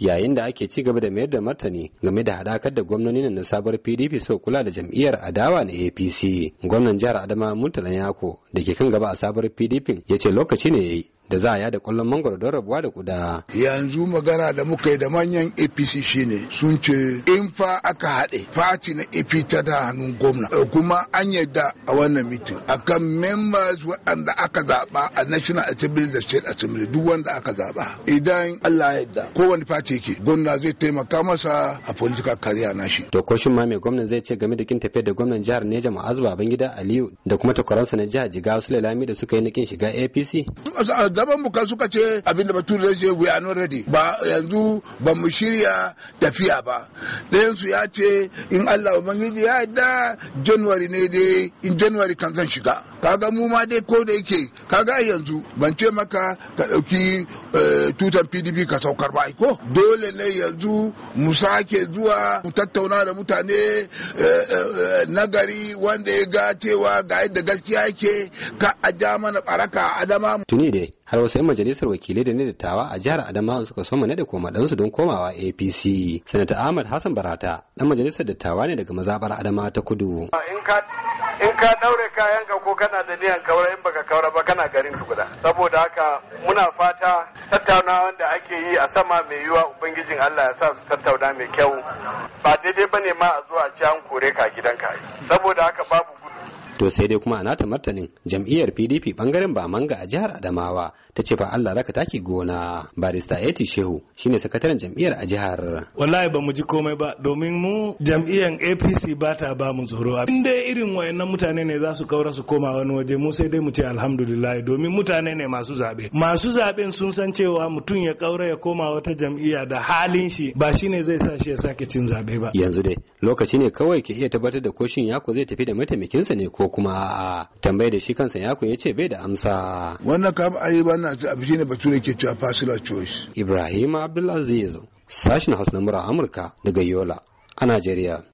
yayin da ake ci gaba da mayar da martani game da hadakar da gwamnonin na sabuwar PDP so kula da jam'iyyar adawa na APC gwamnan jihar Adama Murtala Yako da ke kan gaba a sabuwar PDP ya ce lokaci ne ya yi. da za a yada kwallon mangoro don rabuwa da kuda. Yanzu magana da muka yi da manyan APC shine sun ce in fa aka haɗe fati na AP ta da hannun gwamna eh, kuma an yadda a wannan mitin akan members waɗanda aka zaɓa a National Assembly da State Assembly duk wanda aka zaɓa. Idan Allah yadda kowane fati yake gwamna zai taimaka masa a political career na shi. To ko shin ma mai gwamnan zai ce game da kin tafiyar da gwamnan jihar Neja Ma'azu Babangida Aliyu da kuma takwaransa na jihar Jigawa Sulalami da suka yi nakin shiga APC. zaman buka suka ce abin da bature ce we are not ready ba yanzu ba mu shirya tafiya ba ɗayan su ya ce in Allah ubangiji ya da January ne dai in January kan zan shiga kaga mu ma dai ko da yake kaga yanzu ban ce maka ka ɗauki eh, tutan pdp ka saukar ba ko dole ne yanzu mu sake zuwa mu tattauna da mutane eh, eh, nagari wanda ya ga cewa ga yadda gaskiya yake ka a ja mana baraka a adama tuni dai har wasu 'yan majalisar wakilai da na dattawa a jihar adama suka soma na da koma ɗansu don komawa apc sanata ahmad hassan barata dan majalisar dattawa ne daga mazabar adama ta kudu in ka daure kayan ka ko kana da niyan kaura in baka kaura ba kana garin guda saboda haka muna fata tattaunawa da ake yi a sama mai yiwa ubangijin Allah ya sa su tattauna mai kyau ba daidai bane ma a zuwa a ci an kore ka gidanka saboda haka babu to sai dai kuma anata martanin jam'iyyar pdp bangaren bamanga a jihar adamawa ta ce fa allah raka taki gona barista eti shehu shine sakataren jam'iyyar a jihar wallahi ba mu ji komai ba domin mu jam'iyyar apc ba ta ba mu tsoro in dai irin wayannan mutane ne za su kaura su koma wani waje mu sai dai mu ce alhamdulillah domin mutane ne masu zaɓe masu zaɓen sun san cewa mutum ya kaura ya koma wata jam'iyya da halin shi ba shine zai sa shi ya sake cin zaɓe ba yanzu dai lokaci ne kawai ke iya tabbatar da ko shin yako zai tafi da mataimakinsa ne ko kuma a tambaye da shi kansa ya ya ce bai da amsa wannan kam ayi ba na ci abu shine bature ke cewa fasila choice ibrahim abdulaziz sashin hausa na amurka daga yola a najeriya